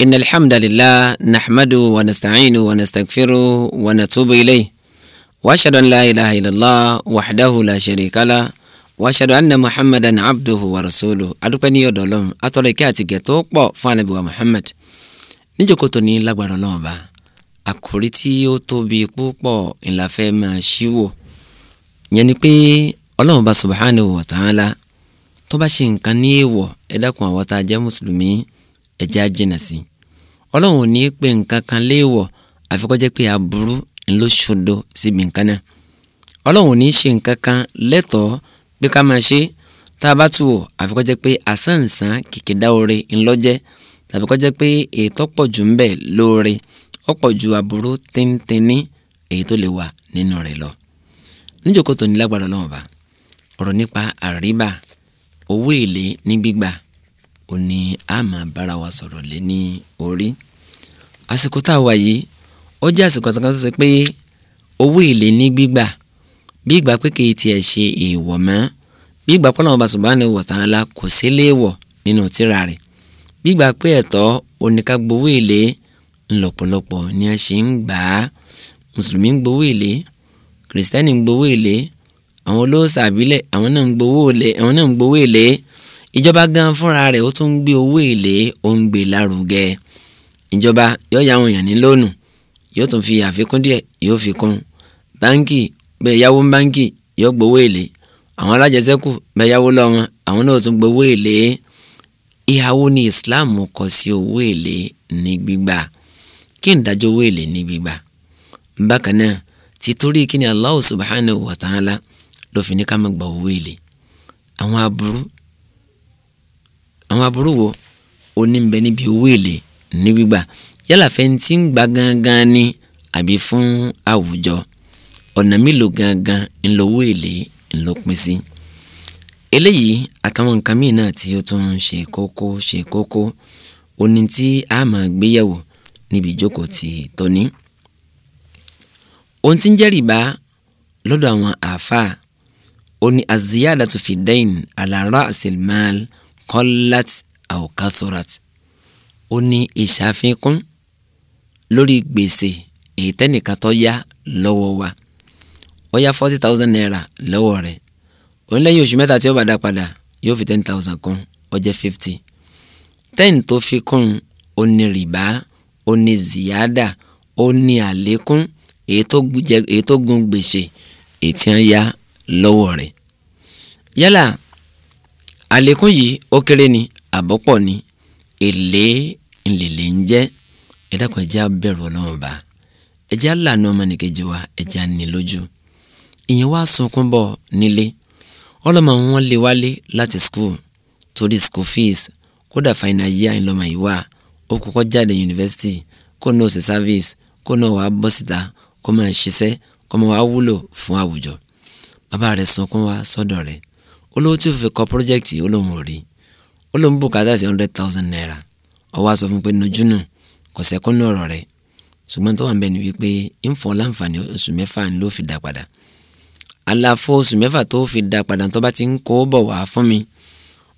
إن الحمد لله نحمده ونستعينه ونستغفره ونتوب إليه وأشهد أن لا إله إلا الله وحده لا شريك له وأشهد أن محمدا عبده ورسوله adúpẹ́ ní ọ̀dọ̀ Ọlọ́run àtọrọ ìkẹ́ àti ìgẹ̀ tó pọ̀ fún Ànábì wa Muhammad níjókòó tòní lágbára Ọlọ́run Ọba àkòrí tí ó tóbi púpọ̀ ńlá fẹ́ máa ṣíwò yẹn ni pé Ọlọ́run Ọba subhanahu wa ta'ala tó bá ṣe nǹkan ní èèwọ̀ ẹ dákun àwọn tá a jẹ́ mùsùlùmí ẹ jẹ́ á jìnnà sí i ọlọ́run ò ní í pe nǹkan kan léèwọ̀ àfi kó jẹ́ pé aburú ńlọ ṣodo síbi nǹkan náà ọlọ́run ò ní í ṣe nǹkan kan lẹ́tọ̀ọ́ pé ká máa ṣe tá a bá tù wọ̀ àfi kó jẹ́ pé àsánsán kìkìdá oore ńlọ́jẹ́ tàbí kó jẹ́ pé ètò pọ̀ jù ń bẹ lóore ọ̀pọ̀ ju aburú tíntínní èyí tó lè wà nínú rẹ̀ lọ níjókòó tó ní lágbára ọlọ́run ọba ọ̀rọ̀ nípa àríbà owó èlé ní gbígbà ó ní a máa bára wa sọ̀rọ̀ lé ní orí àsìkò tá a wà yìí ó jẹ́ àsìkò àtàkùn tó ṣe pé owó èlé ní gbígbà bí ìgbà pé tiẹ̀ ṣe èèwọ̀ mọ́ bí ìgbà pọ́nlọ́wọ́ bá subhanahu wa ta'ala kò sí léèwọ̀ nínú tírà rẹ̀ bí ìgbà pé ẹ̀tọ́ oníkàgbowó èlé ńlọ́pọ̀lọpọ̀ ni a ṣe ń gbà á mùsùlùmí ń gbowó èlé kìrìsìtẹ́nì ń gbowó èlé àwọn olóòṣà àbílẹ̀ àwọn náà ń gbowó èlé àwọn náà ń gbowó èlé ìjọba gan fúnra rẹ̀ ó tún ń gbé owó èlé ó ń gbé lárugẹ ìjọba yóò yá àwọn èèyàn ní lónù yóò tún fi àfikún díẹ̀ yóò fi kún báńkì bẹ́ẹ̀ yáwó báńkì yóò gbowó èlé àwọn alájẹsẹ́kù bẹ́ẹ̀ yáwó lọ́wọ́ àwọn náà tún gbowó èlé ìhàwó ni Islam kọ sí owó èlé ní gbígbà kí n dájọ́ owó èlé ní gbígbà bákan náà títorí kí ni Allah subhanahu wa ta'ala ló fi ní ká má gba owó èlé àwọn aburú àwọn aburú wo oní ń bẹ níbi owó èlé ní gbígbà yálà fẹ́ntì ń gba gangan ni àbí fún àwùjọ ọ̀nà mélòó gangan ńlọ́wọ́ èlé ńlọ pín sí. eléyìí àtàwọn nǹkan míì náà tí ó tún ṣe kókó ṣe kókó oní tí a máa gbéyẹ̀wò níbi ìjókòó ti tòní. ohun tí ń jẹ́ rìbá lọ́dọ̀ àwọn àáfàá oní aziyadatu fiddain ala ra'sil mal kọ́lát àwòkáthorat ó ní ìṣàfikún lórí gbèsè èyí tẹ́nìkan tó yá lọ́wọ́ wa ó yá forty thousand naira lọ́wọ́ rẹ̀ òun lẹ́yìn oṣù mẹ́ta tí ó bá dá padà yóò fi ten thousand kún ó jẹ́ fifty ten tó fi kún ó ní rìbá ó ní ziyada ó ní àlékún èyí tó gun gbèsè èyí tí wọ́n yá lọ́wọ́ rẹ̀ yálà àlékún yìí ó kéré ni àbọ̀pọ̀ ni èlé ńlẹ̀lẹ̀ ń jẹ́ ẹ dákun ẹ jẹ́ á bẹ̀rù Ọlọ́run bá ẹ jẹ́ ọmọnìkejì wa ẹ jẹ́ ìyẹn wá sunkún bọ̀ nílé ọlọ́mọ wọn lè wálé láti school torí school fees kódà final year ńlọmọ yìí wà ó kọ́kọ́ jáde yunifásitì kó náà ṣe service kó náà wàá bọ́ síta kó máa ṣiṣẹ́ kó máa wàá wúlò fún àwùjọ bàbá rẹ̀ sunkún wá sọ́dọ̀ rẹ̀ olówó tí ó fi kọ́ pọ́rọ́jẹ́kìtì olóhùn sí hundred thousand naira ọwọ́ aṣọ fún pé nojú nù kò sẹ́kún ní ọ̀rọ̀ rẹ̀ ṣùgbọ́n tó wà ń bẹ̀ ni wípé ìfọ̀n láǹfààní oṣù mẹ́fà ló fi dá padà àlàfo oṣù mẹ́fà tó fi dá padà tó bá ti ń kó bọ̀ wá fún mi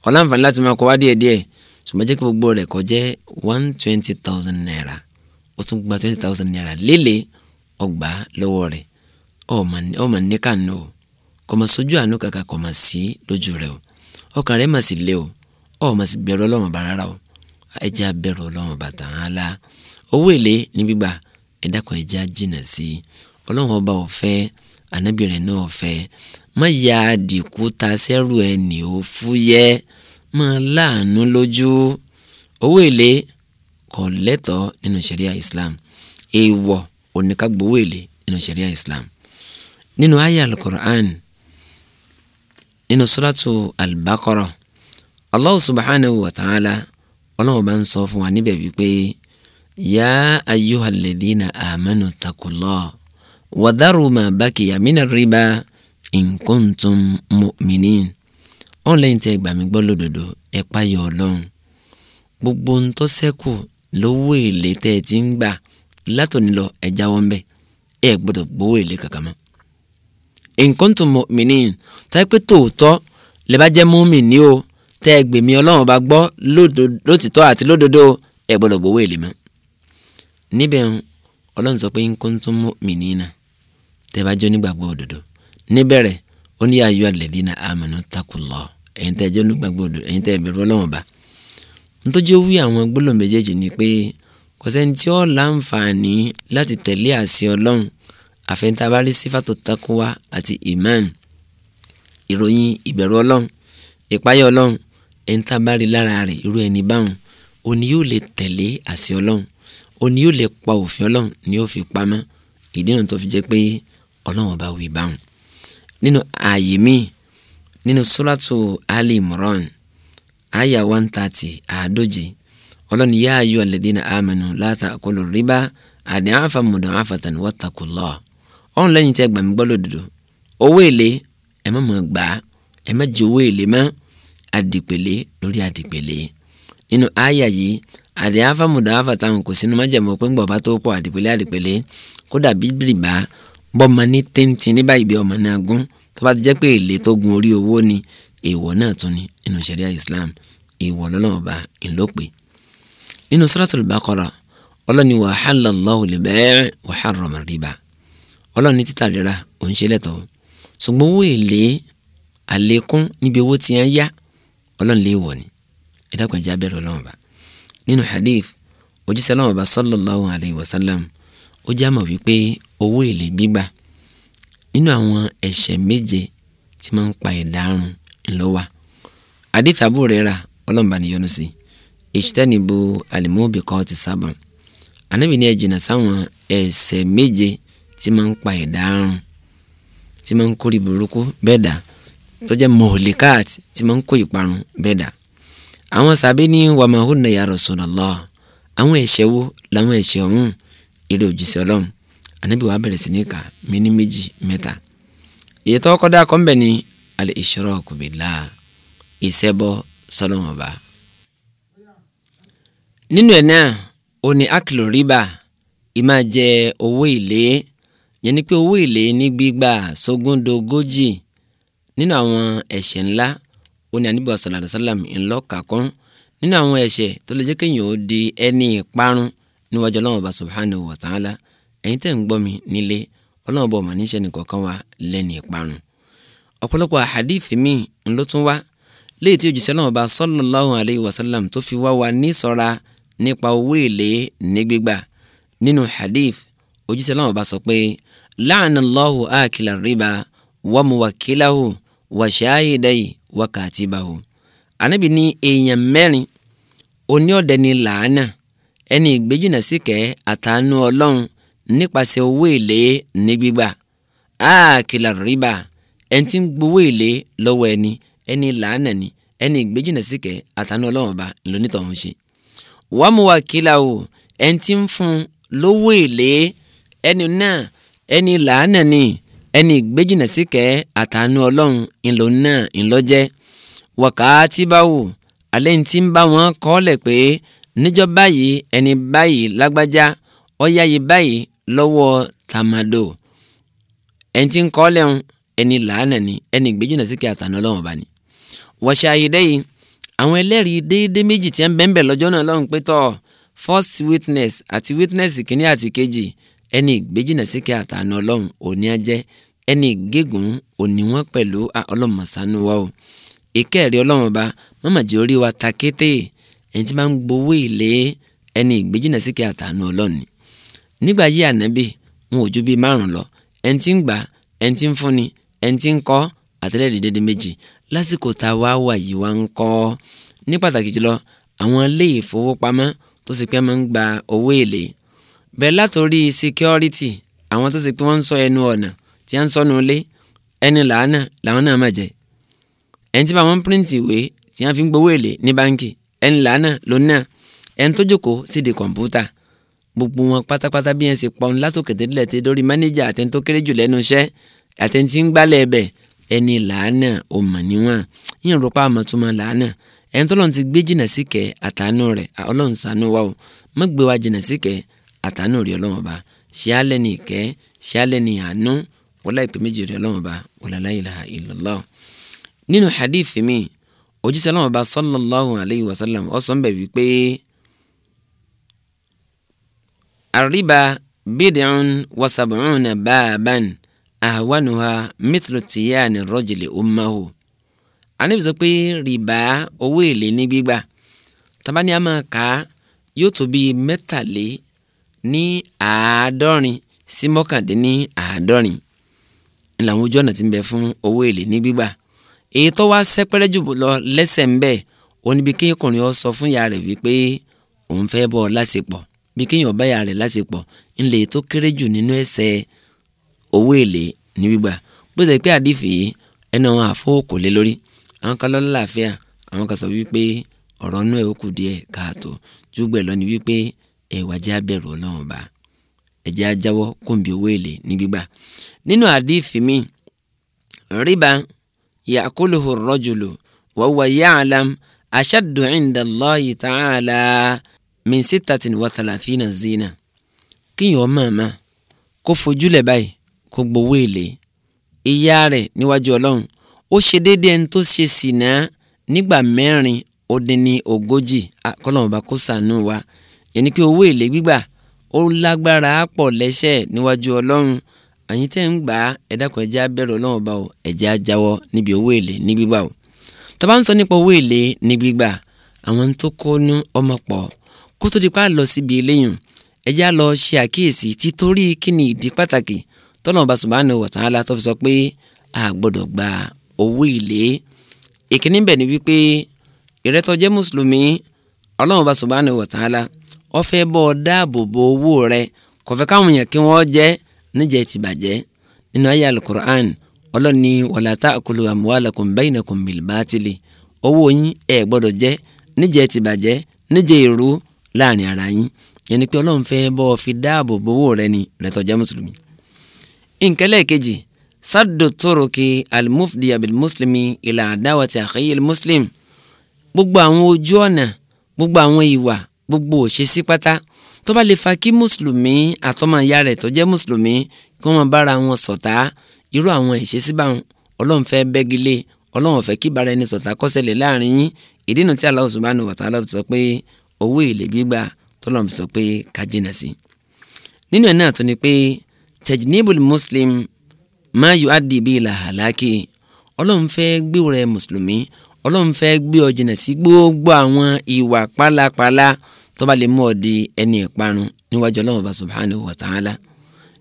ọ̀làǹfààní láti máa kó wá díẹ̀díẹ̀ ṣùgbọ́n jẹ́ kí gbogbo rẹ̀ kó jẹ́ one twenty thousand naira ó tún gba twenty thousand naira lélẹ̀ ọgbà lọ́wọ́ rẹ̀ ọ̀ọ́ mà ní kò mà sójú àánú kàkà kò mà sí lójú rẹ o ọkàn rẹ mà lé o ọ mà sì bẹ̀rù Ọlọ́run Ọba rárá o ẹ jẹ́ á bẹ̀rù Ọlọ́run Ọba Ta'ala owó èlé ní gbígbà ẹ dákun ẹ sí i Ọba ò fẹ́ náà ò fẹ́ má ya àdìkú ta sẹ́rù ẹ nì ó fúyẹ́ máa láàánú lójú owó èlé kò lẹ́tọ̀ọ́ nínú ṣẹ̀ríà Islam èèwọ̀ oníkàgbówó èlé nínú ṣẹ̀ríà Islam nínú àyá al-Qur'an nínú suratu al-Baqara Allahu subhanahu wa ta'ala ọlọ́run bá ń sọ fún wa níbẹ̀ wípé ya ayyuhal ladhina amanu taqullah wa dharu ma baqiya minar riba in kuntum mu'minin ọ̀n lẹ́yìn tí ẹ gbà mí gbọ́ lódodo ẹ páyọ̀ ọlọ́run gbogbo ń tó ṣẹ́kù lówó èlé tẹ́ ẹ ti ń gbà látòní lọ ẹ jáwọ́ ń bẹ̀ ẹ gbọ́dọ̀ gbowó èlé kankan in kuntum mu'minin táyé pé tòótọ́ lè bá jẹ́ mùmíní o tẹ́ ẹ gbèmí ọlọ́run bá gbọ́ lótìtọ́ àti lódodo ẹ gbọ́dọ̀ gbowó èlé mọ́. níbẹ̀ ọlọ́run sọ pé in kuntum mu'minina tẹ́ bá jẹ́ onígbàgbọ́ òdodo níbẹ̀rẹ̀ ó ní ayọ́ alladhina amanu taqullah ẹ̀yin tẹ́ jẹ́ onígbàgbọ́ òdodo ẹ̀yin tẹ́ bẹ̀rù ọlọ́run bá. ntọ́jú wí àwọn gbólóhùn méjèèjì ni pé kò sẹ́ni láǹfààní láti tẹ̀lé àṣẹ ọlọ́run àfẹ́ntabárí sífàtò takuwa àti iman ìròyìn ìbẹ̀rù ọlọ́run ìpáyọ̀ ọlọ́run ẹ̀ńtabárí lára rẹ̀ irú ẹni báwọn òní yóò lè tẹ̀lé àṣẹ ọlọ́run òní yóò lè pa òfin ọlọ́run ni yóò fi pamọ́ ìdí náà tó fi jẹ́ pé ọlọ́run ọba wí báwọn. nínú ààyè míì nínú suratu ali imran aya one thirty àádóje ọlọ́run yá ayọ̀ alladhina amanu la ta'kulu riba àdìhàfà mùdàn àfàtàn wattaqullah ọ̀hún lẹ́yìn tí ẹ gbà mí gbọ́ lódodo owó èlé ẹ má mọ̀ gbà á ẹ má jẹ owó èlé mọ́ àdìpèlé lórí àdìpèlé nínú àyà yìí àdìáfà mùdàáfà táwọn kò sínú májàmọ́ pé ńgbọ̀bá tó pọ̀ àdìpèlé àdìpèlé kódà bíbìrìbá bọ́mọ ní téńtìn ní báyìí bí ọmọ náà gún tó bá ti jẹ́ pé èlé tó gun orí owó ni èèwọ̀ náà tún ni nínú ṣẹ̀ríà Islam èèwọ̀ lọ́lọ́mọba ńlọ́pẹ́ nínú Suratul Baqara ọlọ́ni wa hallallahu al-bay'a wa harrama ar-riba ọlọ́run ní títà rírà òun ṣe lẹ́tọ̀ọ́ ṣùgbọ́n owó èlé àlékún níbi owó tí ń yá ọlọ́run lè wọ̀ ni ẹ dákun ẹ jẹ́ á bẹ̀rù ọlọ́run bá nínú hadith òjíṣẹ́ ọlọ́run bá sallallahu alayhi wa sallam ó jẹ́ àmọ̀ wípé owó èlé gbígbà nínú àwọn ẹ̀ṣẹ̀ méje tí máa ń pa ìdárun ńlọ́wà hadith Abu Hurairah ọlọ́run bá níyọnu sí ijtanibu al-mubiqati sab'a anábì ní ẹ sáwọn ẹ̀ṣẹ̀ méje tí máa ń pa ẹ̀dá run tí máa ń kórè burúkú bẹ́ẹ̀ dà tó jẹ́ mọ̀ọ́lẹ́káàt tí máa ń kó ìparun bẹ́ẹ̀ dà àwọn sàbí ní wàmáhùn náà ya Rasulullah àwọn ẹ̀ṣẹ̀ wo làwọn ẹ̀ṣẹ̀ ọ̀hún eré òjíṣẹ́ ọlọ́run ànábì wàá bẹ̀rẹ̀ sí ní kà mí ní méjì mẹ́ta èyí tó kọ́ ni al-ishraku billah ìṣẹ́bọ sọlọ́mọba. nínú ẹ̀ náà ó ní akílò rìbá ìmáa jẹ owó ìlé yẹn ni pé owó èlé ní gbígbà sógúndogójì nínú àwọn ẹ̀ṣẹ̀ ńlá ó ní ànábì sallallahu alaihi wasallam ńlọ́ọ̀kà kún nínú àwọn ẹ̀ṣẹ̀ tó lè jẹ́ kéèyàn ó di ẹni ìparun níwájú ọlọ́run subhanahu wa ta'ala ẹ̀yin tẹ́ ń gbọ́ mi nílé ọlọ́run ọba ọ̀mà níṣẹ́ nìkọ̀ọ̀kan wa lẹ́ni ìparun ọ̀pọ̀lọpọ̀ àhàdíìfì míì ńlọ tún wá léyìí tí òjíṣẹ́ ọlọ́run ọba sallallahu alaihi wasallam tó fi wá wa ní ṣọ́ra nípa owó èlé ní gbígbà nínú hadith òjíṣẹ́ ọlọ́run ọba sọ pé la'ana Allahu akila riba wa muwakilahu wa shahidai wa katibahu anabi ní èèyàn mẹ́rin oní ọ̀dẹ ni làánà ẹni ìgbéjìnà síkẹ́ àtàánú ọlọ́run nípasẹ̀ owó èlé ní gbígbà áàkìlà rìbá ẹni tí ń gbowó èlé lọ́wọ́ ẹni ẹni làánà ni ẹni ìgbéjìnà síkẹ́ àtàánú ọlọ́run ọba lónítọ̀hún ṣe. wàá mú wa ẹni tí ń fún lówó èlé ẹni náà ẹni làánà ni ẹni gbẹ́jìnà síkẹ́ àtàánú ọlọ́run ńlọ náà ńlọ́jẹ́ wákàtí báwò alẹ́ ní ti ń bá wọn kọ́lẹ̀ pé níjọ́ báyìí ẹni báyìí lágbájá ọ̀yáyé báyìí lọ́wọ́ tàmádò ẹni tí ń kọ́lẹ̀ ń ẹni làánà ni ẹni gbẹ́jìnà síkẹ́ àtàánú ọlọ́run ọba ni wọ́ṣẹ́ ayédèyí àwọn ẹlẹ́rìí déédéé méjì tí ń bẹ́ńbẹ́ lọ́jọ́ náà lọ́run pé tọ́ first witness àti witness kìíní àti kejì ẹni ìgbéjìnà síkẹ́ àtàánú ọlọ́run òní ajẹ́ ẹni ìgégùn òní wọn pẹ̀lú ọlọ́run mọ̀sánú wa o ìkẹ́ẹ̀rí ọlọ́run ọba mọ́màjì orí wa ta kété ẹni tí máa ń gbowó ìlé ẹni ìgbéjìnà síkẹ́ àtàánú ọlọ́run ni nígbà yí ànábì wọn ò ju bíi márùn lọ ẹni tí ń gbà ẹni tí ń fúnni ẹni tí ń kọ́ àtẹ́lẹ̀ dédé méjì lásìkò tá a wá wà yìí wá ń kọ́ ní pàtàkì jùlọ àwọn ilé ìfowópamọ́ tó sì pé máa ń gba owó èlé bẹ́ẹ̀ látòrí security àwọn tó ṣe pé wọ́n ń sọ ẹnu ọ̀nà tí wọ́n ń sọnù ilé ẹni làánà làwọn náà máa jẹ ẹni tí bá wọn píríǹtì ìwé tí wọ́n fi ń gbowó èlé ní báńkì ẹni làánà lónìí náà ẹni tó jókòó sí di kọ̀ǹpútà gbogbo wọn pátápátá bí wọn ṣe pọn látòkè délẹ̀ tẹ lórí mánéjà àtẹni tó kéré jù lẹ́nu iṣẹ́ àtẹni tí ń gbálẹ̀ ẹbẹ̀ ẹni làánà ò mọ̀ níwọ̀n yíyan rọpa àmọ̀túnmọ̀ làánà ẹni tó lọ́n ti gbé jìnnà síkẹ́ àtàánú rẹ̀ ọlọ́run ṣàánú wa o má gbé wa jìnnà síkẹ́ àtàánú rí ọlọ́run ọba ṣíálẹ̀ ní ìkẹ́ ṣíálẹ̀ ní àánú wọlé ìpè méjì rí ọlọ́run ọba wọlé la ilaha illallah. nínú hadith mi òjíṣẹ́ ọlọ́run ọba sallallahu alayhi wa sallam ó sọ ń bẹ̀ wípé àríba bid'un wa sab'una baaban ahwanuha mithlu tiyani rajuli ummahu anabi sọ pé rìbá owó èlé ní gbígbà tabani a máa kà yóò tó bíi mẹ́tàlélẹ́ ní àádọ́rin sí mọ́kàndínní àádọ́rin ní làwọn ojú ọ̀nà ti ń bẹ fún owó èlé ní gbígbà èyí tó wá sẹ́pẹ́rẹ́ jù lọ lẹ́sẹ̀ ń bẹ òun níbi kéèkùnrin ọ sọ fún ìyá rẹ̀ wípé òun fẹ́ bọ́ ọ lásìpọ̀ bí kéèyàn bá ìyá rẹ̀ lásìpọ̀ ńlẹ̀ tó kéré jù nínú ẹ̀ṣẹ̀ owó èlé ní gbígbà bó ṣe pé àdìfì yìí ẹni àwọn àfọ kò lé lórí àwọn kan lọ́lá làáfíà àwọn kan sọ wípé ọ̀rọ̀ inú ẹ̀ ó kù díẹ̀ káàtó júgbẹ̀ lọ ni wípé ẹ̀wà jẹ́ abẹ̀rù ọlọ́run ọba ẹ̀jẹ̀ ajáwọ́ kòǹbì owó èlé ní gbígbà nínú àdìfì mi rìbá yàkúlùhù rọ́jùlù wàwà yàlám aṣáàdùn ìndàlọ́yì tààlà min sittatin wa thalathina zina kíyàn ọmọ àmà kó fojúlẹ̀ báyìí kó gbowó èlé ìyá rẹ̀ níwájú ọlọ́run ó ṣe déédéé ẹni tó ṣe sìnà nígbà mẹ́rin ó dín ní ogójì kọ́lọ́mùbá kó sànú wa yẹn ni pé owó èlé gbígbà ó lágbára pọ̀ lẹ́sẹ̀ níwájú ọlọ́run àyín tẹ́ ń gbà ẹ dákun ẹ jẹ́ á bẹ̀rù ọlọ́run ọba o ẹ jẹ́ á jáwọ́ níbi owó èlé ní gbígbà o tá bá ń sọ nípa owó èlé ní gbígbà àwọn tó kó ní ọmọ pọ̀ kó tó di pa lọ síbi eléyìn ẹ á lọ ṣe àkíyèsí títorí kí ni ìdí pàtàkì tọ́nà ọba Subhanahu wa tó fi sọ pé a gbọ́dọ̀ gba owó èlé ìkíní bẹ̀ ni wípé ìrẹ́tọ̀jẹ́ mùsùlùmí ọlọ́run ọba Subhanahu wa ó fẹ́ bọ́ ọ dáàbò bo owó rẹ kò fẹ́ káwọn èèyàn kí wọ́n jẹ níjẹ́ ti bàjẹ́ nínú àyá alukur'an ọlọ́ni wala ta'kulu amwalakum bainakum bil batili owó yín ẹ̀ gbọ́dọ̀ jẹ níjẹ́ ti bàjẹ́ níjẹ́ èrú láàrin ara yín yẹn ni pé ọlọ́run fẹ́ bọ́ ọ fi dáàbò owó rẹ ni rẹ tó jẹ́ mùsùlùmí. nkẹ́lẹ́ kejì saddu turuki almufdiya bil muslimi ila adawati akhiyil muslim gbogbo àwọn ojú ọ̀nà gbogbo àwọn ìwà gbogbo òṣèṣì pátá tó bá lè fa kí mùsùlùmí àtọmọ ìyá rẹ̀ tó jẹ́ mùsùlùmí kí wọ́n bára wọn ṣọ̀tá irú àwọn ìṣesí báwọn ọlọ́run fẹ́ bẹ́gilé ọlọ́run fẹ́ kí bára ẹni ṣọ̀tá kó ṣẹlẹ̀ láàrin yín ìdí nu tí Allah subhanahu wa ta'ala sọ pé owó èlé gbígbà tọ́lọ́run sọ pé ká sí. nínú ẹ̀ náà tó ni pé tajnibul muslim ma yuaddi bi ila halaki ọlọ́run fẹ́ gbéwò rẹ̀ mùsùlùmí ọlọ́run fẹ́ gbé ọ jìnà sí gbogbo àwọn ìwà pálapàla. Pala tó bá lè mú ọ di ẹni ìparun níwájú ọlọ́run subhanahu wa ta'ala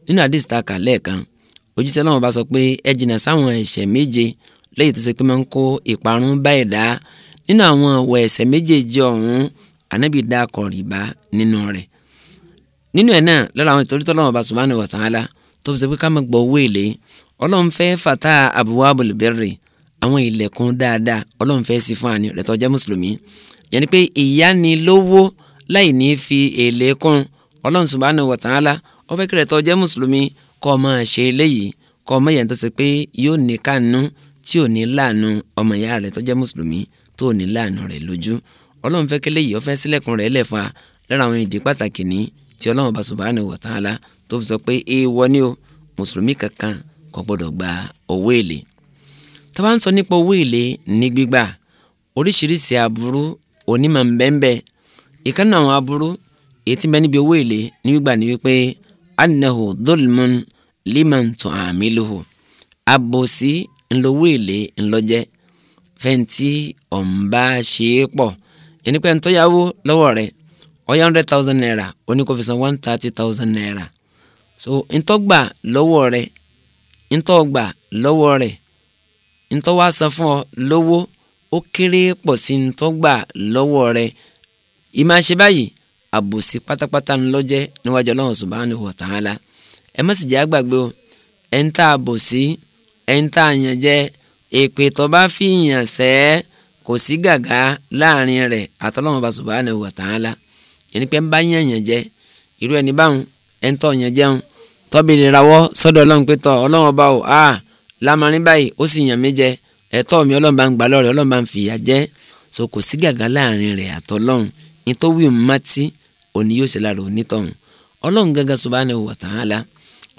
nínú àdìs ta kà lẹ́ẹ̀kan òjíṣẹ́ ọlọ́run bá sọ pé ẹ jìnnà sáwọn ẹ̀ṣẹ̀ méje lẹ́yìn tó ṣe pé máa ń kó ìparun bá ẹ̀dá nínú àwọn ọ̀wọ̀ ẹ̀ṣẹ̀ méjèèjì ọ̀hún ànábì dá kọ̀rìbá nínú rẹ̀ nínú ẹ̀ náà lára àwọn ìtòrí tọ́lọ́run subhanahu wa ta'ala tó fi ṣe pé ká máa gbọ́ owó èlé ọlọ́run fẹ́ fàtà abwabul birri àwọn ilẹ̀kùn dáadáa ọlọ́run fẹ́ sí ni pé láì ní fi èlé kún ọlọ́run subhanahu wa ta'ala ó fẹ́ kírẹ̀ tó jẹ́ mùsùlùmí kọ́ ọ máa ṣe eléyìí kọ́ ọmọ yẹn tó ṣe pé yóò ní kánú tí ò ní láàánú ọmọ ìyá rẹ̀ tó jẹ́ mùsùlùmí tó ò ní láàánú rẹ̀ lójú ọlọ́run fẹ́ kélé yìí ó fẹ́ sílẹ̀kùn rẹ̀ lẹ̀ fa lára àwọn ìdí pàtàkì ní tí ọlọ́run bá subhanahu wa ta'ala tó fi sọ pé èèwọ̀ ni o mùsùlùmí kankan kò gbọ́dọ̀ gba owó èlé tá a bá ń sọ nípa owó èlé ní gbígbà oríṣiríṣi aburú onímọ̀ ń ìkan náà àwọn aburú èyí tí ń bẹ níbi owó èlé ní gbígbà ni wípé anahu dolmun liman tuamiluhu àbòsí ńlọwọ́ èlé ńlọjẹ́ fẹ́ǹtì ọ̀nba ṣe é pọ̀ ẹni pé ntọ́ lọ́wọ́ rẹ̀ ọ̀yá hundred thousand naira oníkófìsàn one thirty thousand naira so ntọ́gbà lọ́wọ́ rẹ̀ ntọ́gbà lọ́wọ́ rẹ̀ ntọ́wá san fún ọ lówó ó kéré pọ̀ sí ntọ́gbà lọ́wọ́ rẹ̀ ìmọ̀ àṣẹ báyìí àbòsí pátápátá ń lọ́jẹ́ níwájú ọlọ́run subhanahu wa ta'ala ẹ má sì jẹ́ àgbàgbé o ẹ̀ ń tà àbòsí ẹ̀ ń tà àyàn jẹ́ èpè tó bá fi yàn sẹ́ kò sí gàgà láàrin rẹ̀ àtọ́lọ́run bá subhanahu wa ta'ala yẹn pé ń bá yàn yàn jẹ́ irú ẹni báwọn ẹ̀ ń tọ́ yàn jẹun tọ́bi lè rawọ́ sọ́dọ̀ ọlọ́run pé tọ́ ọlọ́run bá o a lámarin báyìí ó sì yàn mí jẹ ẹ̀tọ́ mi ọlọ́run bá ń gbà lọ́rẹ̀ ọlọ́run bá ń fìyà jẹ so kò sí gàgà láàrin rẹ̀ àtọ́lọ́run nítorí mmatí òní yóò ṣe lára onítọ̀hún ọlọ́run gángan subhanahu wa ta'ala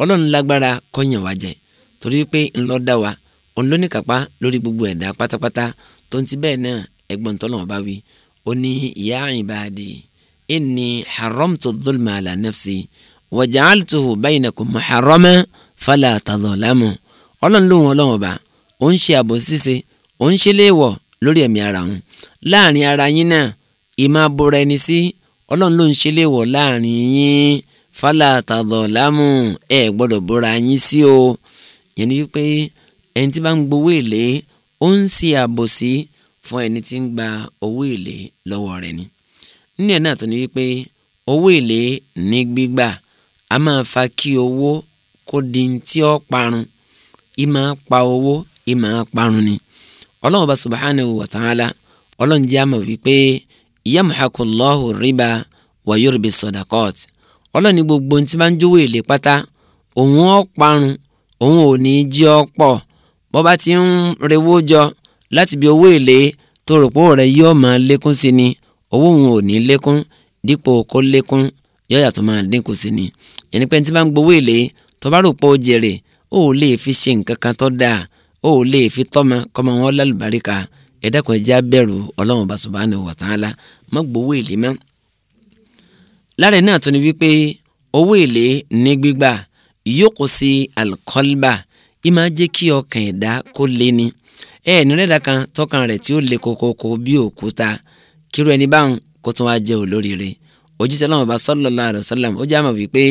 ọlọ́run lágbára kọ́yàn wá jẹ torí pé ńlọ dá wa òun ló ní kápá lórí gbogbo ẹ̀dá pátápátá tó ń ti bẹ́ẹ̀ náà ẹgbọ́n tọ́lọ́wọ́n bá wí ó ní ya ibadi inni haramtu dhulma ala nafsi wa ja'altuhu baynakum muharraman fala tadhalamu ọlọ́run lóhun ọlọ́wọ́n bá ó ń ṣe àbòsíṣe ó ń ṣe léèwọ̀ lórí ẹ̀mí ara òun láàrin ara yín náà ìmáa bora ẹni sí ọlọ́run ló ń ṣe léèwọ̀ láàrin yín fálà tàdọ̀ lámù ẹ gbọ́dọ̀ bora yín sí o yẹn ni wípé ẹni tí bá ń gbowó èlé ó ń ṣe àbòsí fún ẹni tí ń gba owó èlé lọ́wọ́ rẹ̀ ni nínú náà tó ni wípé owó èlé ní gbígbà a máa fa kí owó kó di tí ó parun ì pa owó ì parun ni ọlọ́run bá subhanahu wa ọlọ́run jẹ́ àmọ̀ wípé yamhaku Allahu riba wa yurbi sadaqat ọlọ́ni gbogbo ntí máa ń jówó èlé pátá òun ó parun òun ò ní jí ọ pọ̀ bó bá ti ń rewó jọ láti bí owó èlé tó rò pé rẹ yóò máa lékún sí ni owó òun ò ní lékún dípò kó lékún yóò yàtọ̀ máa dínkù sí ni ẹni pé ntí máa ń gbowó èlé tó bá rò pé jèrè ó lè fi ṣe nǹkan kan tó dáa ó lè fi tọ́mọ kọ́mọ wọn lálùbáríkà ẹ dákun ẹ jẹ́ á bẹ̀rù Ọlọ́run bá subhanahu wa ta'ala má gbowó èlé mọ́. lára ẹ̀ náà tún ni wípé owó èlé ní gbígbà yókù sí alkọ́lbà yìí máa jẹ́ kí ọkàn ẹ̀dá kó lé ni ẹ ní rẹ́dà kan tọkàn rẹ̀ tí ó le kokoko bí òkúta kírú ẹni báwọn kó tún wá jẹ́ olóríire ojúṣe aláwọ̀ bá sallallahu alaihi wasallam ó jẹ́ àmọ̀ wípé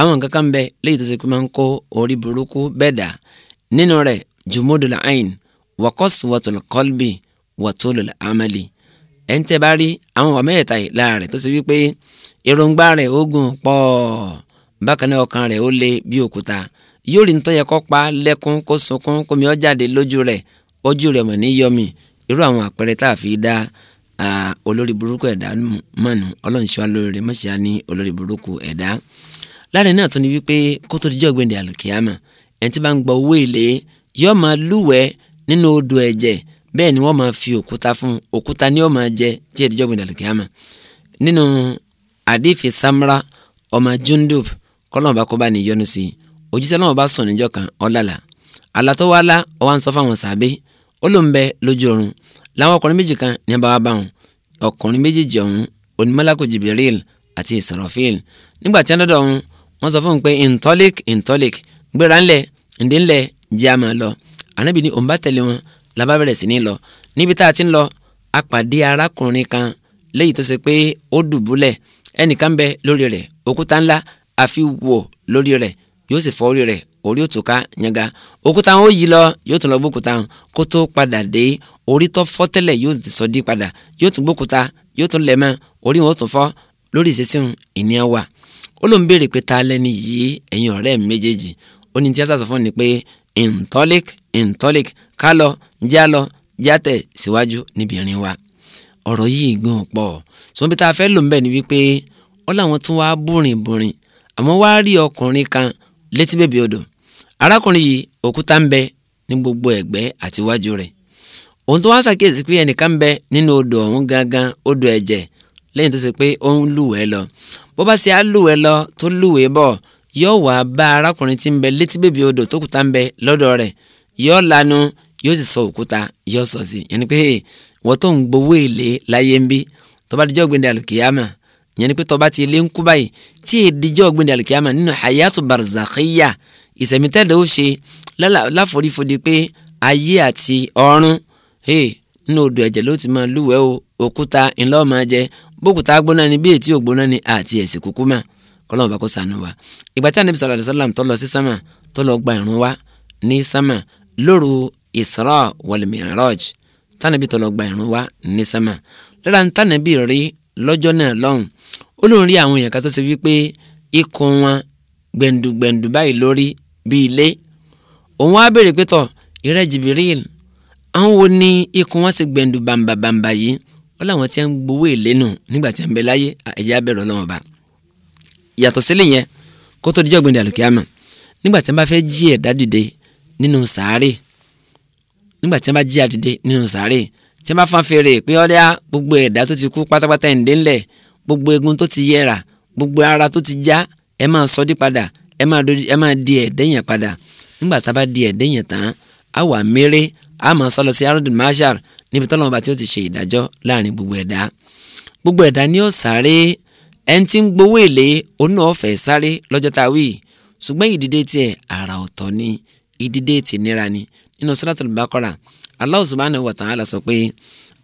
àwọn nǹkan bẹ léyìí tó ṣe pé máa ń kó orí burúkú bẹ́ẹ̀ dà nínú rẹ̀ jùmọ́dúnlá àìn wa qaswatul qalbi wa amali ẹ̀ ń tẹ́ bá rí àwọn wà mẹ́ẹ̀ta yìí lára rẹ̀ tó ṣe wípé èròǹgbà rẹ̀ ogun pọ̀ bákan náà ọkàn rẹ̀ bí òkúta yóò rí nítorí ẹ̀kọ́ pa lẹ́kún kó sunkún kó mi ọ́ jáde lójú rẹ̀ ojú rẹ̀ mọ̀ ní yọmi irú àwọn àpẹẹrẹ tá a fi dá olórí burúkú ẹ̀dá mọ̀nù ọlọ́ọ̀nṣẹ́ alórí rẹ̀ mọ̀ṣẹ́ á ní olórí burúkú ẹ̀dá láàrin náà tó ni wípé kó tó dijọ́ gbẹ̀ndẹ̀ àlùkìyàmà ẹni tí bá ń gbọ́ owó èlé yóò máa lúwẹ̀ẹ́ nínú odò ẹ̀jẹ̀ bẹ́ẹ̀ ni wọ́n máa fi òkúta fún òkúta ni ó máa jẹ tí ẹ̀díjọ́ gbọ̀dọ̀ lè kíámà nínú àdìfẹ́ samra ọmọ jundub kọ́lọ́n bá kó bá níyọnu sí i òjíṣẹ́ lọ́wọ́ bá sùn níjọ́ kan ọ̀làlà àlàtọ́wálá ọwá ń sọ fáwọn sàbẹ́ ó ló ń bẹ lójú oorun làwọn ọkùnrin méjì kan ní abáwá bá wọn ọkùnrin méjèèjì ọ̀hún onímọ́lákò jibril àti israfil nígbà tí wọ́n ọ̀hún wọ́n sọ fún un pé intolic intolic gbéra ńlẹ̀ ǹdí ńlẹ̀ jẹ́ àmà lọ anabi ni òun bá tẹ̀lé wọn la bá bẹ̀rẹ̀ sí ní lọ níbi tá a ti ń lọ a pàdé arákùnrin kan léyìí tó ṣe pé ó dùbúlẹ̀ ẹnìkan bẹ lórí rẹ̀ òkúta ńlá àfi wò lórí rẹ̀ yóò sì fọ́ orí rẹ̀ orí òtúká yanga òkúta wọn ó yí lọ yóò tún lọ gbókúta wọn kó tó padà dé orí tó fọ́ tẹ́lẹ̀ yóò ti sọ dí padà yóò tún gbókúta yóò tún lẹ̀ mọ́ orí wọn ó tún fọ́ lórí ìṣesíhun ìníyàn wà ó ló ń béèrè pé ta lẹ́ni yìí ẹ̀yin ọ̀rẹ́ méjèèjì ó ní tí a sàṣọ fún ni pé ntọ́lẹ́kì ntọ́lík kálọ̀ jálọ̀ játẹ̀ síwájú níbi ìrìn wa ọ̀rọ̀ yìí gbọ́n pọ̀ ṣùgbọ́n bí tá a fẹ́ lò ń bẹ̀ ni wípé ó láwọn tún wá búrin búrin àmọ́ wá rí ọkùnrin kan létí bèbè odò arákùnrin yìí òkúta ń bẹ ní gbogbo ẹ̀gbẹ́ àti iwájú rẹ̀ òun tó wá ṣàkíyèsí pé ẹnìkan ń bẹ nínú odò ọ̀hún gangan odò ẹ̀jẹ̀ lẹ́yìn tó ṣe pé ó ń lúwẹ̀ẹ́ lọ bó bá ṣe á lúwẹ̀ẹ́ lọ tó lúwẹ̀ẹ́ bọ̀ yóò wá bá arákùnrin tí ń bẹ létí bèbè odò tó kúta ń bẹ lọ́dọ̀ rẹ̀ yọ lanu yóò sì sọ òkúta yọ sọ sí yẹn ni pé wọ́n tó ń gbowó èlé láyé ń bí tó bá dijọ́ gbẹ̀ndẹ̀ alùkìyàmà yẹn ni pé tó bá ti lé ń kú báyìí tí ìdíjọ́ gbẹ̀ndẹ̀ alùkìyàmà nínú hayatu barzakhiya ìsẹ̀mítẹ́lẹ̀ ó ṣe láforífodi pé ayé àti ọ̀run nínú odò ẹ̀jẹ̀ ló ti máa lúwẹ̀ o òkúta ńlá ọmọ ajẹ bókúta gbóná ni bí ètí ògbóná ni àti ẹ̀sìn kúkú mà kọ́lọ́mù bá kó sànù wa ìgbà tí Ànábì sallallahu alaihi wasallam tó lọ sí sámà tó lọ gba ìrun wa ní sámà lóru Isra wal Mi'raj tánàbí tó lọ gba ìrun wá ní sánmà lára tánàbí rí lọ́jọ́ náà lọ́hùn ó lóun rí àwọn èèyàn kan tó ṣe wípé ikùn wọn gbẹ̀ǹdùgbẹ̀ǹdù báyìí lórí bí ilé òun á béèrè pé tọ̀ ìrẹ́ Jibril àwọn wo ni ikùn wọn sì gbẹ̀ǹdù bàǹbàǹbà yìí ó láwọn tí ń gbowó èlé nù nígbà tí ń bẹ láyé ẹ̀yà bẹ̀rẹ̀ ọlọ́wọ́n bá yàtọ̀ sílẹ̀ yẹn kó tó dijọ́ gbẹ̀ǹdà lùkìá nígbà tí wọ́n bá fẹ́ jí ẹ̀dá dìde nínú sàárè nígbà tí wọ́n bá jí àdìde nínú sàárè tí wọ́n bá fọn fèrè pé ọ́rẹ́à gbogbo ẹ̀dá tó ti kú pátápátá ẹ̀ǹdẹ́ ńlẹ̀ gbogbo egun tó ti yẹra gbogbo ara tó ti já ẹ máa sọ dí padà ẹ máa di ẹ̀dẹ́yìn padà nígbà tá a bá di ẹ̀dẹ́yìn tán á wà méré á máa sọ lọ sí arúndùn mashar níbi tọ́lọ́mọba tí ó ti ṣe ìdájọ́ láàrin gbogbo ẹ̀dá gbogbo ẹ̀dá ni ó sáré ẹni tí ń gbowó èlé onú ọ̀fẹ́ sáré lọ́jọ́ tá a wí ṣùgbọ́n ìdìde tiẹ̀ àrà ọ̀tọ̀ ni ìdídé ti nira ni nínú suratul Baqara Allah subhanahu wa ta'ala sọ pé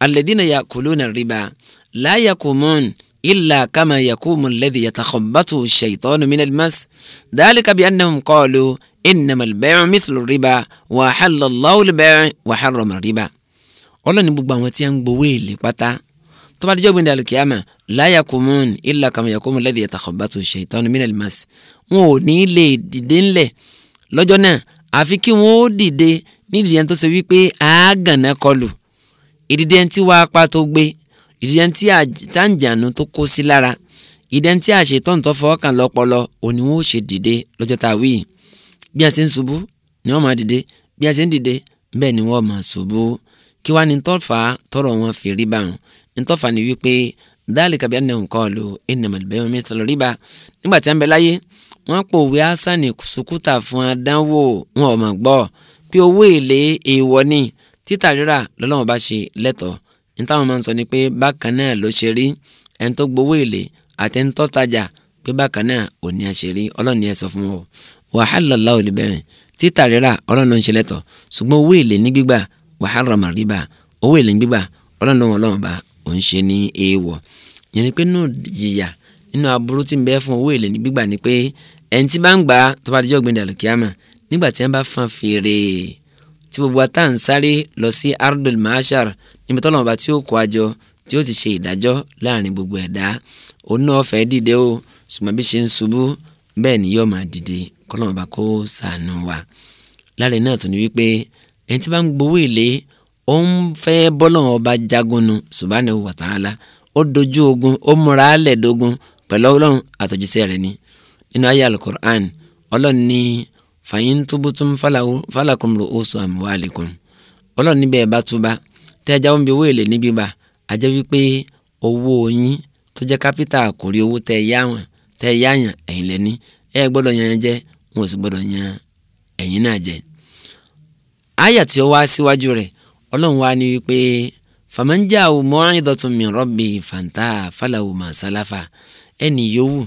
alladhina yakuluna riba la yakumun illa kama yakumu alladhi yatakhabbatu shaytanu minal mas dhalika bi annahum qalu innamal bay'u mithlu riba wa ahalla Allahu al-bay'a wa harrama riba ọlọ́ni gbogbo àwọn tí a ń gbowó èlé pátá tó bá dijọ́ gbẹ̀ndẹ̀ alùkìyàmà la yakumun illa kama yakumu alladhi yatakhabbatu shaytanu minal mas wọn ò ní lè dìde ńlẹ̀ lọ́jọ́ náà àfi kí wọn ó dìde nídìí ẹni tó ṣe wípé àágànnà kọlù ìdìde ẹni tí wàá pa tó gbé ìdìde ẹni tí àjànù tó kó sí lára ìdìde ẹni tí àṣetọ́n tó fọwọ́ òní wọn ò ṣe dìde lọ́jọ́ tá a wí bí a ṣe ń ṣubú ni wọ́n máa dìde bí a ṣe ń dìde bẹ́ẹ̀ ni wọ́n máa ṣubú kí wàá ní tọ́fà tọrọ wọn fi rí bá wọn ní tọ́fà ni wípé dáàlì kàbíyàn náà ń kọ́ ọ lò ẹnìyàn màlúbẹ́yàn mẹ́tọ́ lọ rí bá nígbà tí a ń bẹ láyé wọ́n pòwe asani sukuta fún adánwò wọn ò mọ̀ gbọ́ pé owó èlé èèwọ̀ ni títà rírà lọ́lọ́wọ́n bá ṣe lẹ́tọ̀ọ́ ní táwọn máa ń sọ ni pé bákan náà ló ṣe rí ẹni tó gbowó èlé àti ẹni tó tajà pé bákan náà ò ní àṣírí ọlọ́ọ̀ni ẹ sọ fún wọn wa halallahu al-bay'a títà rírà ọlọ́ọ̀ni ń ṣe lẹ́tọ̀ọ́ ṣùgbọ́n owó èlé ní gbígbà wa harrama ar-riba owó èlé ní gbígbà ọlọ́ọ̀ni ọlọ́ọ̀n bá ò ń ṣe ní èèwọ̀ yẹn ni pé ni pé ẹni tí bá ń gbà tó bá dijọ́ gbẹ̀dẹ̀ àlùkìyàmà nígbà tí wọ́n bá fan fèrè tí gbogbo ata ń sáré lọ sí ardul mahashar níbi tọ́lọ́mọ bá tí ó kó àjọ tí ó ti ṣe ìdájọ́ láàrin gbogbo ẹ̀dá òun náà fẹ́ dìde o ṣùgbọ́n bí ṣe ń ṣubú bẹ́ẹ̀ ni yóò máa dìde kọ́lọ́mọ bá kó sànù wa láàrin náà tún ni wípé ẹni tí bá ń gbowó èlé ó ń fẹ́ bọ́lọ́mọ bá jagun nu subhanahu wa ta'ala ó dojú ogun ó múra álẹ̀ dogun pẹ̀lú ọlọ́run àtòjíṣẹ́ rẹ̀ ni nínú ayé alukur'an ọlọ́run ní fàyín túbútún falakumru oṣù àmúwálẹ̀kùn ọlọ́run níbẹ̀ bá tuba tẹ́ ẹ jáwọ́ ń bi owó èlé níbí bá a jẹ́ wípé owó yín tó jẹ́ kápítà kò rí owó tẹ́ ẹ yá wọn tẹ́ ẹ yá yàn ẹ̀yìn lẹ́ni ẹ gbọ́dọ̀ yan jẹ́ wọn ò sì gbọ́dọ̀ yan ẹ̀yìn náà jẹ́. àyà tí ó wá síwájú rẹ̀ ọlọ́run wá ní wípé fàmọ́njà ò mọ́ àyìndọ̀tún mi rọ́bì fàǹtà fàlàwù màsálàfà ẹnì yòówù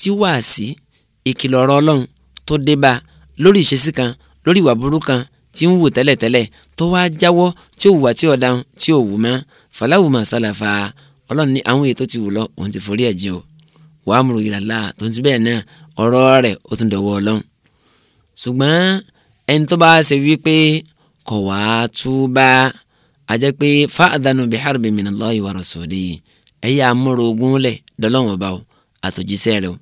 tí wàásí ìkìlọ̀ ọ̀rọ̀ ọlọ́run tó dé bá lórí ìṣesí kan lórí ìwà burú kan tí ń wù tẹ́lẹ̀tẹ́lẹ̀ tó wá jáwọ́ tí ò wùwà tí ò dáhùn tí ò wù mọ́ fàlàwù mà sálàfà ọlọ́run ní àwọn èyí tó ti wù lọ òun ti forí ẹ̀ jì o wàá mú ìlàlá tó ń ti bẹ́ẹ̀ náà ọ̀rọ̀ rẹ̀ ó tún dọ̀wọ́ ọlọ́run ṣùgbọ́n ẹni tó bá ṣe wípé kò wá túbá a jẹ́ pé fáadánù bíi harbin minallahi wa rasuli ẹ̀yà amúrò lẹ̀ dọ́lọ́wọ̀n bá o àtòjíṣẹ́ rẹ̀ o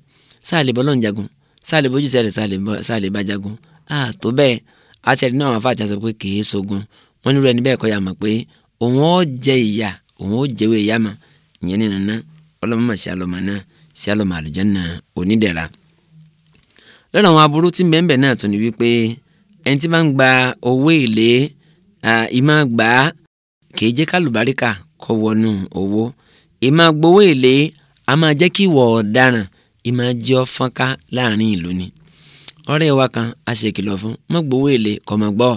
sáàlè bọ́lọ̀ ń jagun sáàlè bójúṣe rẹ̀ sáàlè bá jagun a tó bẹ́ẹ̀ àti ẹ̀rí náà àwọn afáàtì sọ pé kìí sogun wọ́n nílò ẹni bẹ́ẹ̀ kọ́ ya mọ̀ pé òun ó jẹ ìyà òun ó jẹwé ìyá mà ìyẹn nínú ná ọlọ́mọ mà sí àlọ́mọ náà sí àlọ́mọ àlùjánnà onídẹ̀ra lọ́nà àwọn aburú tí mbẹ́mbẹ́ náà tó ní wípé ẹni tí máa ń gba owó èlé ìmá gbà á kìí jẹ́ kálùbáríkà kọ́ wọnú owó ìmá gbowó èlé a máa jẹ́ kí ìwọ̀ ọ̀daràn ìmọ̀ jẹ́ ọ fọ́nká láàrin ìlú ni ọ̀rẹ́ wa kan a ṣe kìlọ̀ fún mọ́ gbowó èlé kò mọ́ gbọ́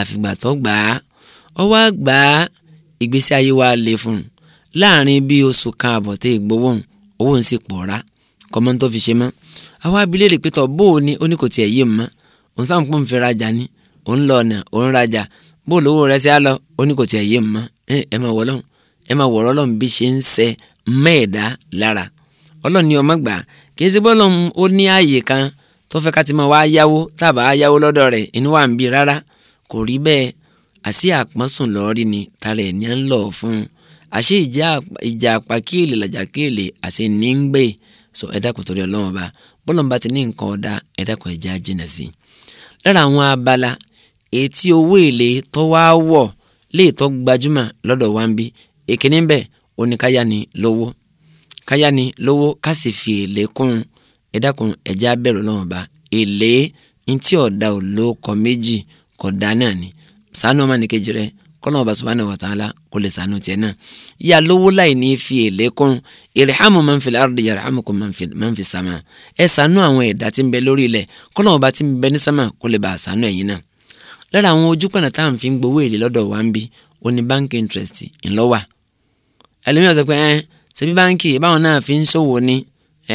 àfìgbà tó gbà á ọ wá gbà á ìgbésí ayé wa lè fún un láàrin bí oṣù kan àbọ̀ tẹ́ ìgbowó òun owó ń sì pòórá kọ́mọ́ tó fi ṣe mọ́ àwa abilé rè pétọ́ bó o ní oníkò tiẹ̀ yé mọ́ òun sáà ń pọ́n fi rajà ni òun lọ ọ̀nà òun rajà bó lówó rẹ sí á lọ oníkò tiẹ̀ yé mọ́ ẹ máa wọ̀ lọ́hùn ẹ máa wọ̀ lọ́hùn bí ṣe ń ṣe mẹ́ẹ̀dá lára ọlọ́run ni ọmọ gbà kì í ṣe bọ́lọ̀ ó ní ààyè kan tó fẹ́ ká ti máa wá yáwó tàbá yáwó lọ́dọ̀ rẹ̀ inú wa ń bi rárá kò rí bẹ́ẹ̀ àṣì àpọ́nsùn lọ́ọ́rí ni tara ẹ̀ ní à ń lọ fún un àṣì ìjà àpá kéèlè làjà kéèlè àṣì ní ń gbé so ẹ dákun torí ọlọ́run ọba bọ́lọ̀ ń bá ti ní nǹkan ọ̀dà ẹ dákun ẹ jẹ́ á jìnnà sí i lára àwọn abala etí owó èlé tó wá wọ̀ léètọ́ gbajúmọ̀ lọ́dọ̀ wa ń bí èkíní bẹ́ẹ̀ oníkáyà ni lówó káyá ni lówó ká sì fi èlé kún ẹ dákun ẹ̀já bẹ̀rù lọ́wọ́n ba èlé ntí ọ̀dà ò ló kọ méjì kọ̀ dá náà ni sànú ọmọ nìkejì rẹ kọ́nà ọba subhanahu wa ta'ala kò lè sànú tiẹ̀ náà yíyá lówó láì ní fi èlé kún irhamu man fil ardi yarhamukum man fis sama ẹ sànú àwọn ẹ̀dá tí ń bẹ lórí ilẹ̀ kọ́nà ọba tí ń bẹ ní sámà kò lè bá a sànú ẹ̀yin náà lára àwọn ojú tá à ń fi gbowó èlé lọ́dọ̀ wa ń bí oní bank interest ńlọ́wà ẹlẹ́mìíràn sọ pé ẹ́ ṣebí báńkì báwọn náà fi ń ṣòwò ni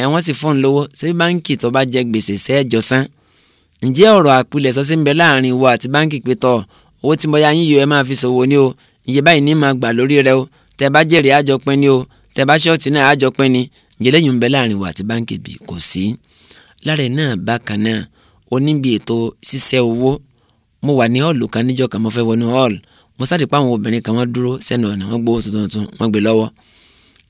ẹ̀ wọ́n sì fún un lówó ṣebí báńkì tó bá jẹ gbèsè sẹ́ẹ̀jọ san ǹjẹ́ ọ̀rọ̀ àpilẹ̀ sọ sí ń bẹ láàrin wo àti báńkì pé tọ̀ owó tí mo ya yín yọ ẹ máa fi ṣòwò ni o iye báyìí ní máa gbà lórí rẹ o tẹ bá jèrè àjọ pín ni o tẹ bá ṣọ́ọ̀tì náà àjọ pín ni ǹjẹ́ lẹ́yìn ń bẹ láàrin wo àti báńkì bì kò sí. lára ẹ̀ náà bákan náà oníbi ètò ṣíṣẹ́ owó mo wà ní hall kan níjọ́ kan mo fẹ́ wọnú hall mo sáré pa àwọn obìnrin kan wọ́n dúró sẹ́nu ọ̀nà wọ́n gbowó tuntun tuntun wọ́n gbé lọ́wọ́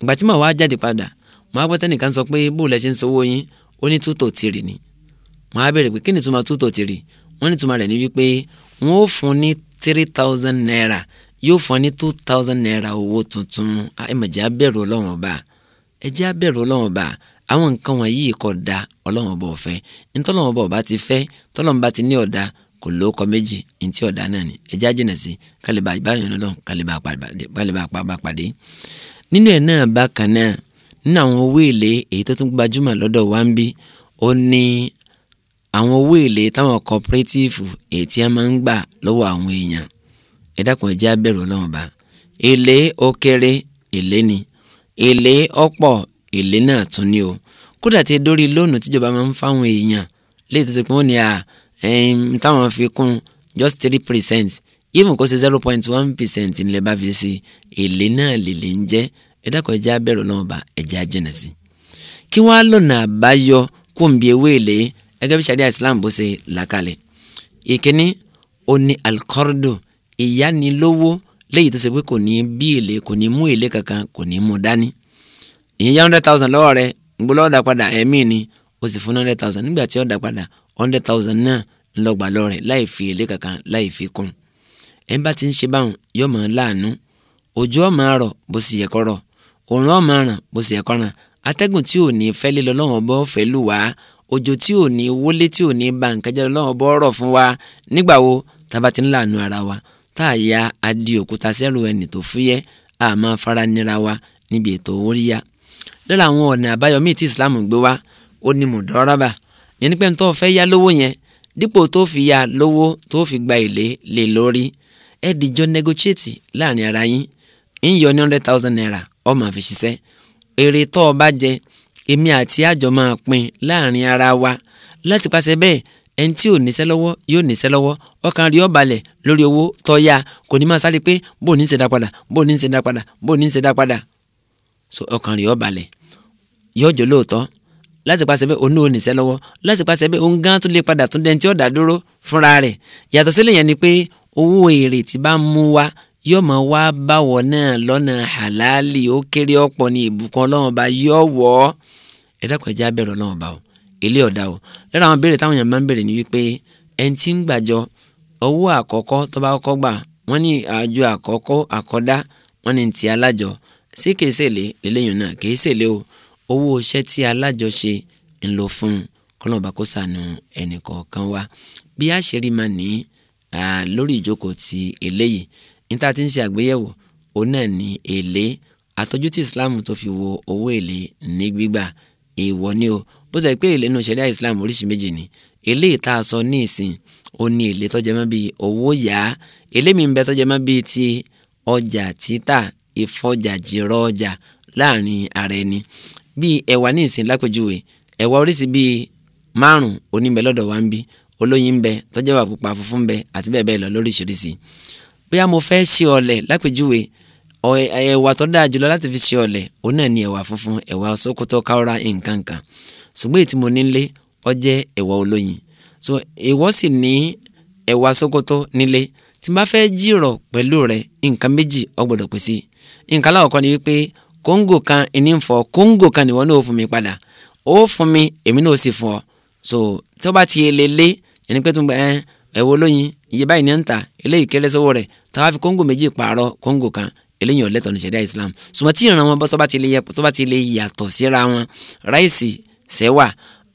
ìgbà tí màá wá jáde padà màá gbọ́ tẹ́nìkan sọ pé bó lẹ ṣe ń sowó yín ó ní tútò tìrì ni màá béèrè pé kí ni túmọ̀ tútò tìrì wọ́n ní túmọ̀ rẹ̀ ní wípé wọ́n ó fún ní three thousand naira yóò fún ní two thousand naira owó tuntun ẹ̀mọ̀jẹ̀ abẹ́rù ọlọ́run ọba ẹ̀jẹ̀ abẹ́rù ọlọ́run ọba àwọn nǹkan wọ̀nyí kò da ọlọ́run ọba ọ̀fẹ́ ntọ́lọ́run ọba ọba ti fẹ́ tọ́lọ́run bá ti ní ọ̀dà kò lóko méjì ntí ọ̀dà náà ni ẹ̀jẹ̀ ajínà sí kálíbà ìbáyọ̀ ọlọ́run kálíbà pàdé nínú ẹ̀ náà bákan náà nínú àwọn owó èlé èyí tó tún gbajúmọ̀ lọ́dọ̀ wa ń bí ó ní àwọn owó èlé táwọn kọpírẹ́tìfù èyí tí a máa ń gbà lọ́wọ́ àwọn èèyàn ẹ dákun ẹ Ọlọ́run bá èlé ó kéré èlé ni èlé ọ̀pọ̀ èlé náà tún ni o kódà tí dórí lóònù tíjọba máa ń fáwọn èèyàn léètò tó pé ní à táwọn fi kún just three percent even kó ṣe zero point one percent nílẹ̀ bá fi ṣe èlé náà lèlè ń jẹ́ ẹ̀dàkọ̀ ẹja bẹ̀rù náà bá ẹja jìnà sí. kí wọ́n á lọ́nà àbáyọ kó ń bi ewé èlé ẹgẹ́ bí sàdíà Islam bó ṣe làkàlẹ̀. ìkíní ó ní alikọ́rọ́dọ̀ ìyánilówó léyìí tó ṣe pé kò ní bí èlé kò ní mú èlé kankan kò ní mú dání. ìyẹn yá hundred thousand lọ́wọ́ rẹ̀ ngbọ́lọ́ ọ̀dà padà ẹ̀mí ni ó sì fún hundred thousand nígbà tí ọ̀dà padà hundred thousand náà ńlọgbà lọ́rẹ̀ láì fi èlé kankan láì fi kún ẹ bá ti ń ṣe báwọn yóò máa láàánú òjò ó máa rọ̀ bó sì yẹ kó rọ̀ òòrùn ó máa ràn bó sì yẹ kó ràn atẹ́gùn tí ò ní fẹ́ lé lọ́wọ́n bọ́ fẹ́ lù wá òjò tí ò ní wọlé tí ò ní ba nǹkan jẹ́ lọ́wọ́n bọ́ rọ̀ fún wa nígbà wo tába ti ń láàánú ara wa tá a ya adi òkúta sẹ́rù ẹni tó fúyẹ́ a máa fara nira wa níbi ètò wóríyá lára àwọn ọ̀nà àbáyọmí tí Islam gbé wá ó ní mùdọ́rọ́bà yẹn ní pé ń tọ́ fẹ́ yá lówó yẹn dípò tó fi yá lówó tó fi gba èlé lé lórí ẹ dìjọ negotiate láàrin ara yín ń yọ ní hundred thousand naira ó máa èrè tó o bá jẹ èmi àti àjọ máa pín láàrin ara wa láti pàṣẹ bẹ́ẹ̀ ẹni tí ò níṣẹ́ lọ́wọ́ yóò níṣẹ́ lọ́wọ́ ọkàn rí ó balẹ̀ lórí owó tó yá kò ní máa sáré pé bó ní í ṣe dá padà bó ní í ṣe dá padà bó ní í ṣe dá padà so ọkàn rí ó balẹ̀ yọjọ lóòótọ́ láti pàṣẹ bẹ́ẹ̀ onú oníṣẹ́ lọ́wọ́ láti pàṣẹ bẹ́ẹ̀ òun gan tún lè padà tún dẹ́ntì ọ̀dà dúró fúnra rẹ̀ yàtọ̀ sílẹ̀ yẹn ni pé owó èrè tí bá ń mú wá yóò máa wá báwọ̀ náà lọ́nà àlàálì ó kéré ọ̀pọ̀ ní ìbùkún ọlọ́run bá yọ wọ́ ẹ dákun ẹja bẹ̀rẹ̀ ọlọ́run bá o ilé ọ̀dà o lọ́dọ̀ àwọn béèrè táwọn èèyàn máa ń béèrè ni wípé ẹni tí ń gbàjọ owó àkọ́kọ́ tó bá kọ́kọ́ gbà wọ́n ní àjọ àkọ́kọ́ àkọ́dá wọ́n ní ti alájọ sí kèésèlé lélẹ́yìn náà kèésèlé o owó iṣẹ́ tí alájọ ṣe ń lò fún kọ́lọ́ọ̀bá kó sànù ẹnì kọ̀ọ̀kan wa bí àṣírí máa nìyí lórí ìjókòó ti eléyìí níta ti ń ṣe àgbéyẹ̀wò òun náà ni èlé àtọ́jú tí Islam tó fi wo owó èlé ní gbígbà èèwọ̀ ni o bó tẹ̀ pé èlé nínú ṣẹ̀ríà Islam oríṣi méjì ni èlé ìta sọ ní ìsìn ó ní èlé tó jẹ mọ́ bíi owó yá èlé mi ń bẹ tó jẹ mọ́ bíi ti ọjà títà ìfọjà jìrọ ọjà láàrin ara ẹni bíi ẹ̀wà ní ìsìn lápèjúwe ẹ̀wà oríṣi bíi márùn oníbẹ̀ lọ́dọ̀ wa ń bí olóyin ń bẹ tọ́jọ́ wà pupa funfun ń bẹ àti bẹ́ẹ̀ bẹ́ẹ̀ lọ lóríṣiríṣi bóyá mo fẹ́ ṣe ọ̀lẹ̀ lápèjúwe ẹ̀wà tó dáa jùlọ láti fi ṣe ọ̀lẹ̀ òun náà ni ẹ̀wà funfun ẹ̀wà Sókótó káwọ́rá nkankan ṣùgbọ́n ètí mo nílé ó jẹ́ ẹ̀wà olóyin so ìwọ sì ní ẹ̀wà Sókótó nílé tí n bá fẹ́ jírọ̀ pẹ̀lú rẹ̀ nǹkan méjì ó gbọ́dọ̀ pè sí nǹkan aláwọ̀kọ́ ni wípé kóńgò kan ìní ń fọ kóńgò kan nìwọ náà ó fún mi padà ó fún mi èmi náà ó sì fún ọ so tí ó bá ti lè lé ẹni pé tó ń bẹ ẹ ẹ wo lóyin iye báyìí ni ẹ ń ta eléyìí kéré sówó rẹ̀ táwa fi kóńgò méjì pààrọ̀ kóńgò kan eléyìí ọ̀lẹ́tọ̀ ní ṣẹ̀dá Islam ṣùgbọ́n tí ìran wọn bọ́ tó bá ti lè yàtọ̀ síra wọn ráìsì sẹ́wà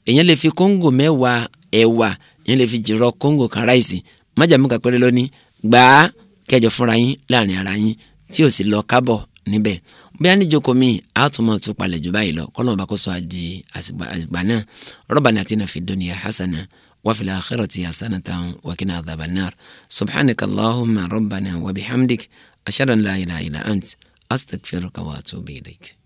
èèyàn lè fi kóńgò mẹ́wàá ẹ̀wà èèyàn lè fi jìrọ kóńgò kan ráìsì májàmú kan péré lónìí gbàá kẹjọ fúnra yín láàrin ara yín tí ò sì lọ kábọ̀ níbẹ̀ bí a ní jókòó mi a tún mọ̀ tún palẹ̀ jù báyìí lọ kọ́lọ́mọba kó sọ àdì àsìgbà náà rọ́bà ní àti nàfi dóníyà hasana وفي الآخرة حسنة وكنا عذاب النار سبحانك اللهم ربنا وبحمدك أشهد أن لا إله إلا أنت أستغفرك وأتوب إليك